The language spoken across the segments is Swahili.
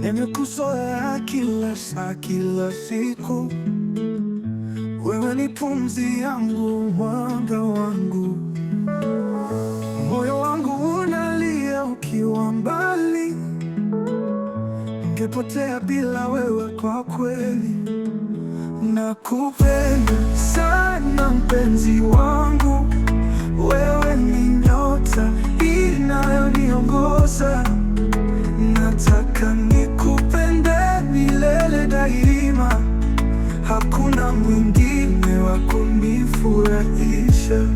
Nimekuzoea kila saa, kila siku, wewe ni pumzi yangu, mwanga wangu. Moyo wangu unalia ukiwa mbali, ningepotea bila wewe. Kwa kweli nakupenda sana, mpenzi wangu. hakuna mwingine wa kunifurahisha.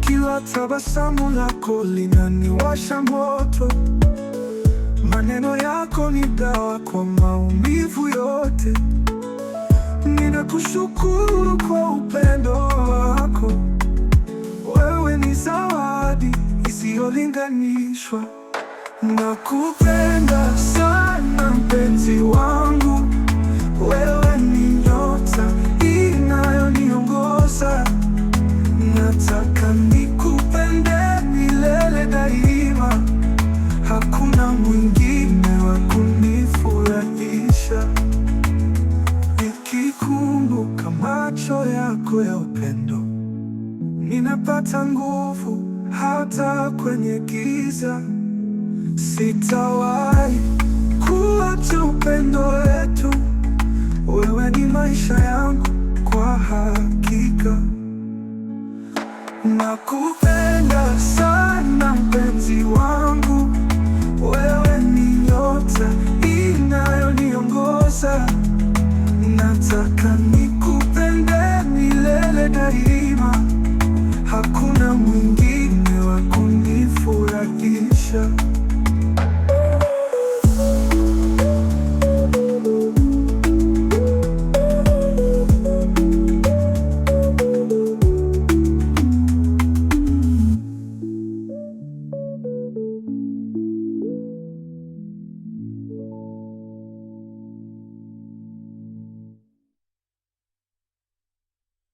Kila tabasamu lako linaniwasha moto, maneno yako ni dawa kwa maumivu yote kushukuru kwa upendo wako, wewe ni zawadi isiyolinganishwa, nakupenda sana. macho yako ya upendo, ninapata nguvu hata kwenye giza. Sitawahi kuacha upendo wetu, wewe ni maisha yangu kwa hakika. Nakupenda sana mpenzi wangu, wewe ni nyota inayoniongoza, nataka niku letarima